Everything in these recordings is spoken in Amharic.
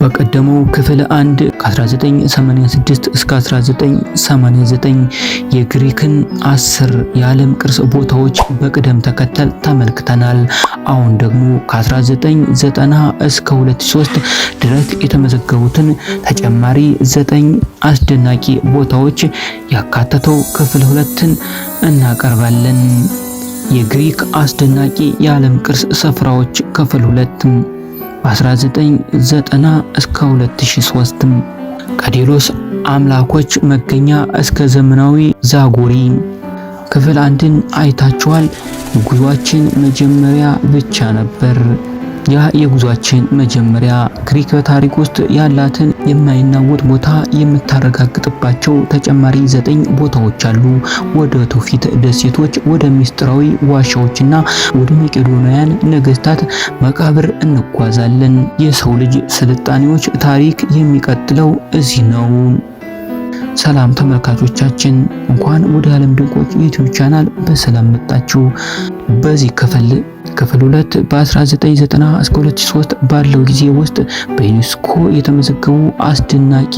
በቀደመው ክፍል 1 ከ1986 እስከ 1989 የግሪክን አስር የዓለም ቅርስ ቦታዎች በቅደም ተከተል ተመልክተናል። አሁን ደግሞ ከ1990 እስከ 2003 ድረስ የተመዘገቡትን ተጨማሪ ዘጠኝ አስደናቂ ቦታዎች ያካተተው ክፍል ሁለትን እናቀርባለን። የግሪክ አስደናቂ የዓለም ቅርስ ስፍራዎች ክፍል 2 ከ1990 እስከ 2003 ከዴሎስ አምላኮች መገኛ እስከ ዘመናዊ ዛጎሪ ክፍል አንድን አይታችኋል። ጉዟችን መጀመሪያ ብቻ ነበር። ያ የጉዟችን መጀመሪያ ግሪክ በታሪክ ውስጥ ያላትን የማይናወጥ ቦታ የምታረጋግጥባቸው ተጨማሪ ዘጠኝ ቦታዎች አሉ። ወደ ትውፊት ደሴቶች፣ ወደ ሚስጥራዊ ዋሻዎችና ወደ መቄዶናውያን ነገስታት መቃብር እንጓዛለን። የሰው ልጅ ስልጣኔዎች ታሪክ የሚቀጥለው እዚህ ነው። ሰላም ተመልካቾቻችን፣ እንኳን ወደ ዓለም ድንቆች ዩቲዩብ ቻናል በሰላም መጣችሁ። በዚህ ክፍል ክፍል 2 በ1990 እስከ 2003 ባለው ጊዜ ውስጥ በዩኒስኮ የተመዘገቡ አስደናቂ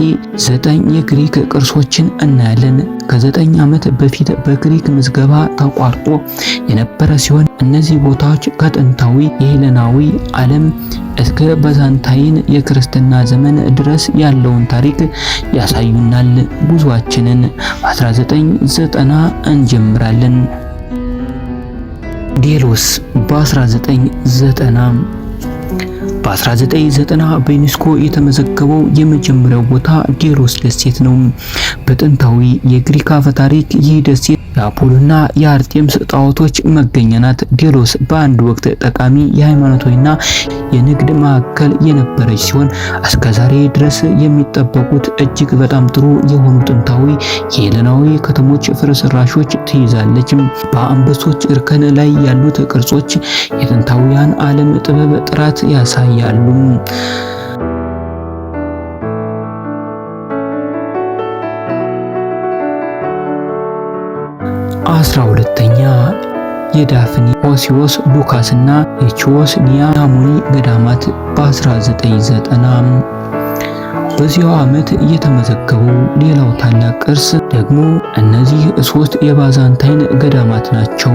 ዘጠኝ የግሪክ ቅርሶችን እናያለን። ከዘጠኝ ዓመት በፊት በግሪክ ምዝገባ ተቋርጦ የነበረ ሲሆን እነዚህ ቦታዎች ከጥንታዊ የሄለናዊ ዓለም እስከ ባዛንታይን የክርስትና ዘመን ድረስ ያለውን ታሪክ ያሳዩናል። ጉዟችንን 1990 እንጀምራለን። ዴሎስ በ1990 በ1990 በዩኒስኮ የተመዘገበው የመጀመሪያው ቦታ ዴሎስ ደሴት ነው። በጥንታዊ የግሪክ አፈ ታሪክ ይህ ደሴት የአፖሎና የአርጤምስ ጣዖቶች መገኛ ናት። ዴሎስ በአንድ ወቅት ጠቃሚ የሃይማኖታዊና የንግድ ማዕከል የነበረች ሲሆን እስከዛሬ ድረስ የሚጠበቁት እጅግ በጣም ጥሩ የሆኑ ጥንታዊ የሄለናዊ ከተሞች ፍርስራሾች ትይዛለች። በአንበሶች እርከን ላይ ያሉት ቅርጾች የጥንታውያን ዓለም ጥበብ ጥራት ያሳያሉ። አስራ ሁለተኛ የዳፍኒ እና ሉካስና ኒያ ኒያሙኒ ገዳማት በ1990 በዚያው ዓመት እየተመዘገቡ ሌላው ታላቅ ቅርስ ደግሞ እነዚህ ሶስት የባዛንታይን ገዳማት ናቸው።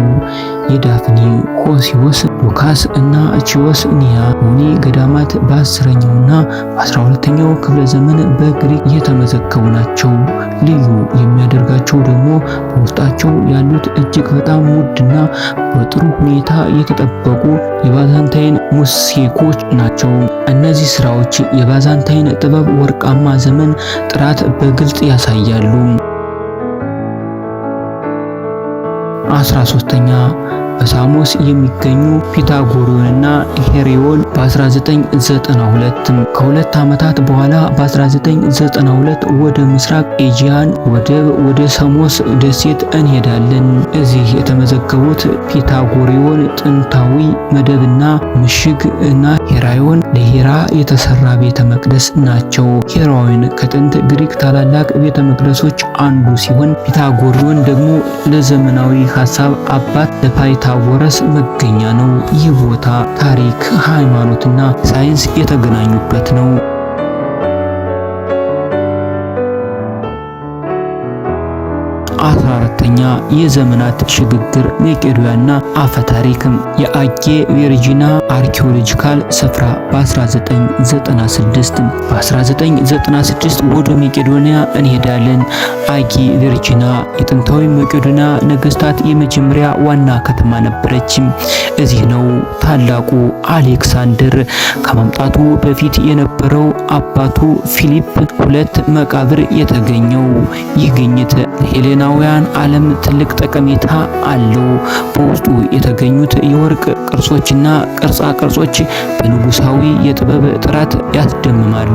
የዳፍኒ ሆሲዎስ፣ ሉካስ እና ኒያ ሙኒ ገዳማት በአስረኛውና በአስራ ሁለተኛው ክፍለ ዘመን በግሪክ የተመዘገቡ ናቸው። ልዩ የሚያደርጋቸው ደግሞ በውስጣቸው ያሉት እጅግ በጣም ውድና በጥሩ ሁኔታ የተጠበቁ የባዛንታይን ሙሴኮች ናቸው። እነዚህ ስራዎች የባዛንታይን ጥበብ ወርቃማ ዘመን ጥራት በግልጽ ያሳያሉ። አስራ ሶስተኛ በሳሞስ የሚገኙ ፒታጎሪዮንና ሄሪዮን በ1992 ከሁለት ዓመታት በኋላ በ1992 ወደ ምስራቅ ኤጂያን ወደብ ወደ ሳሞስ ደሴት እንሄዳለን። እዚህ የተመዘገቡት ፒታጎሪዮን ጥንታዊ መደብና ምሽግ እና ሄራዮን ለሄራ የተሰራ ቤተ መቅደስ ናቸው። ሄራዮን ከጥንት ግሪክ ታላላቅ ቤተ መቅደሶች አንዱ ሲሆን ፒታጎሪዮን ደግሞ ለዘመናዊ ሀሳብ አባት ለፓይታ የሚታወረስ መገኛ ነው። ይህ ቦታ ታሪክ፣ ሃይማኖትና ሳይንስ የተገናኙበት ነው። አስራ አራተኛ የዘመናት ሽግግር መቄዶንያና አፈ ታሪክም የአጌ ቪርጂና አርኪኦሎጂካል ስፍራ በ1996 በ1996 ወደ መቄዶንያ እንሄዳለን። አጌ ቪርጂና የጥንታዊ መቄዶንያ ነገስታት የመጀመሪያ ዋና ከተማ ነበረች እዚህ ነው ታላቁ አሌክሳንደር ከመምጣቱ በፊት የነበረው አባቱ ፊሊፕ ሁለት መቃብር የተገኘው። ይህ ግኝት ሄሌናውያን ዓለም ትልቅ ጠቀሜታ አለው። በውስጡ የተገኙት የወርቅ ቅርሶችና ቅርጻ ቅርጾች በንጉሳዊ የጥበብ ጥራት ያስደምማሉ።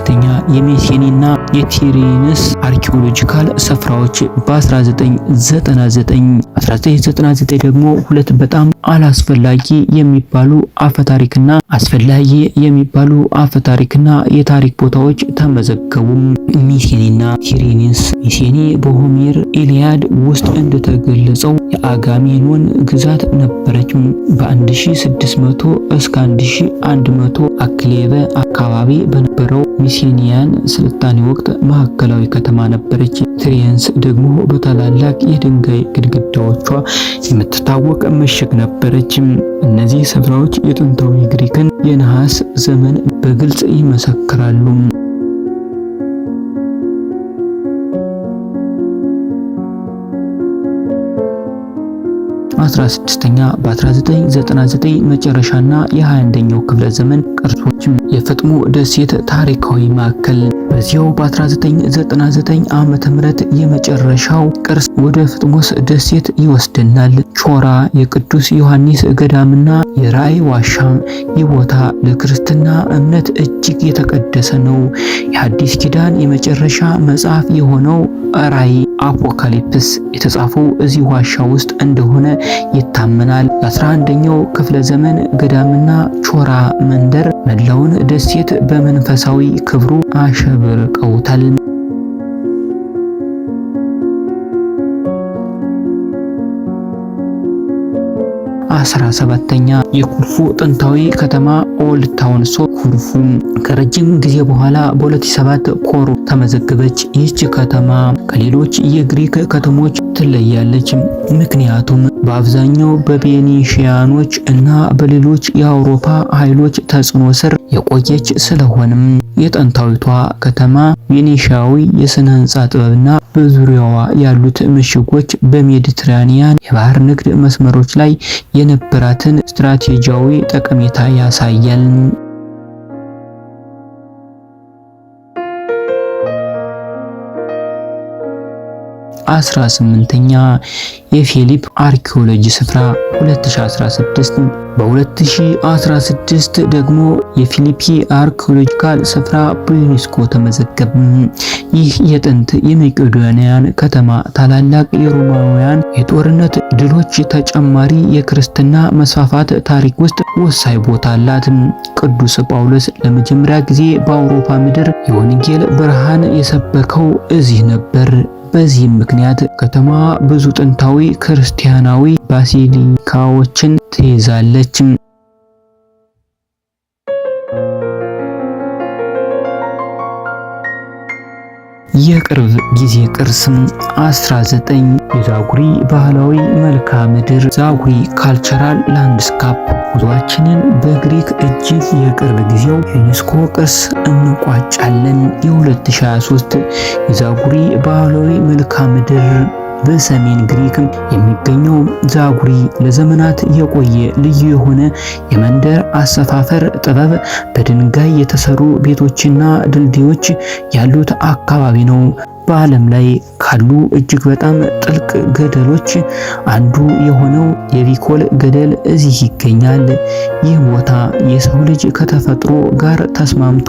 ሶስተኛ የሜሴኒና የቲሪንስ አርኪኦሎጂካል ስፍራዎች በ1999 1999 ደግሞ ሁለት በጣም አላስፈላጊ የሚባሉ አፈታሪክና አስፈላጊ የሚባሉ አፈታሪክና የታሪክ ቦታዎች ተመዘገቡም። ሚሴኒና ቲሪንስ ሚሴኒ በሆሜር ኢሊያድ ውስጥ እንደተገለጸው የአጋሜኖን ግዛት ነበረች። በ1600 እስከ 1100 አክሌበ አካባቢ በነበረው አቢሲኒያን ስልጣኔ ወቅት ማዕከላዊ ከተማ ነበረች። ትሪየንስ ደግሞ በታላላቅ የድንጋይ ግድግዳዎቿ የምትታወቅ ምሽግ ነበረች። እነዚህ ስፍራዎች የጥንታዊ ግሪክን የነሐስ ዘመን በግልጽ ይመሰክራሉ። 16ኛ በ1999 መጨረሻና የ21ኛው ክፍለ ዘመን ቅርሶች የፍጥሞ ደሴት ታሪካዊ ማዕከል። በዚያው በ1999 ዓመተ ምህረት የመጨረሻው ቅርስ ወደ ፍጥሞስ ደሴት ይወስደናል። ቾራ የቅዱስ ዮሐንስ ገዳምና የራእይ ዋሻ። ይህ ቦታ ለክርስትና እምነት እጅግ የተቀደሰ ነው። የአዲስ ኪዳን የመጨረሻ መጽሐፍ የሆነው ራእይ አፖካሊፕስ የተጻፈው እዚህ ዋሻ ውስጥ እንደሆነ ይታመናል። የ11ኛው ክፍለ ዘመን ገዳምና ቾራ መንደር መላውን ደሴት በመንፈሳዊ ክብሩ አሸብርቀውታል። አስራ ሰባተኛ የኩርፉ ጥንታዊ ከተማ ኦልድ ታውን ሶ ኩርፉ ከረጅም ጊዜ በኋላ በ2007 ኮሩ ተመዘገበች። ይህች ከተማ ከሌሎች የግሪክ ከተሞች ትለያለች። ምክንያቱም በአብዛኛው በቤኒሺያኖች እና በሌሎች የአውሮፓ ኃይሎች ተጽዕኖ ስር የቆየች ስለሆንም የጥንታዊቷ ከተማ ቬኔሻዊ የስነ ህንፃ ጥበብና በዙሪያዋ ያሉት ምሽጎች በሜዲትራኒያን የባህር ንግድ መስመሮች ላይ የነበራትን ስትራቴጂያዊ ጠቀሜታ ያሳያል። 18ኛ የፊሊፕ አርኪኦሎጂ ስፍራ 2016 በ2016 ደግሞ የፊሊፒ አርኪኦሎጂካል ስፍራ በዩኔስኮ ተመዘገበ። ይህ የጥንት የመቄዶንያን ከተማ ታላላቅ የሮማውያን የጦርነት ድሎች ተጨማሪ የክርስትና መስፋፋት ታሪክ ውስጥ ወሳኝ ቦታ አላት። ቅዱስ ጳውሎስ ለመጀመሪያ ጊዜ በአውሮፓ ምድር የወንጌል ብርሃን የሰበከው እዚህ ነበር። በዚህም ምክንያት ከተማ ብዙ ጥንታዊ ክርስቲያናዊ ባሲሊካዎችን ትይዛለች። የቅርብ ጊዜ ቅርስ 19 የዛጉሪ ባህላዊ መልክዓ ምድር ዛጉሪ ካልቸራል ላንድስካፕ ጉዟችንን በግሪክ እጅግ የቅርብ ጊዜው ዩኔስኮ ቅርስ እንቋጫለን። የ2023 የዛጉሪ ባህላዊ መልክዓ ምድር በሰሜን ግሪክ የሚገኘው ዛጉሪ ለዘመናት የቆየ ልዩ የሆነ የመንደር አሰፋፈር ጥበብ፣ በድንጋይ የተሰሩ ቤቶችና ድልድዮች ያሉት አካባቢ ነው። በዓለም ላይ ካሉ እጅግ በጣም ጥልቅ ገደሎች አንዱ የሆነው የቢኮል ገደል እዚህ ይገኛል። ይህ ቦታ የሰው ልጅ ከተፈጥሮ ጋር ተስማምቶ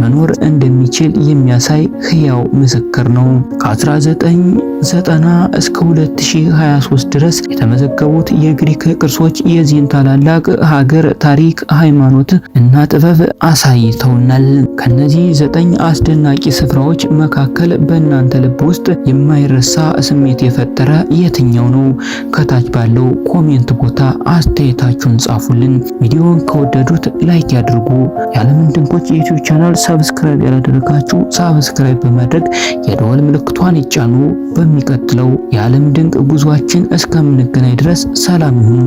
መኖር እንደሚችል የሚያሳይ ህያው ምስክር ነው። ከ1990 እስከ 2023 ድረስ የተመዘገቡት የግሪክ ቅርሶች የዚህን ታላላቅ ሀገር ታሪክ፣ ሃይማኖት እና ጥበብ አሳይተውናል። ከነዚህ ዘጠኝ አስደናቂ ስፍራዎች መካከል በና በእናንተ ልብ ውስጥ የማይረሳ ስሜት የፈጠረ የትኛው ነው? ከታች ባለው ኮሜንት ቦታ አስተያየታችሁን ጻፉልን። ቪዲዮውን ከወደዱት ላይክ ያድርጉ። የዓለምን ድንቆች የዩቲዩብ ቻናል ሰብስክራይብ ያላደረጋችሁ ሰብስክራይብ በማድረግ የደወል ምልክቷን ይጫኑ። በሚቀጥለው የዓለም ድንቅ ጉዟችን እስከምንገናኝ ድረስ ሰላም ይሁን።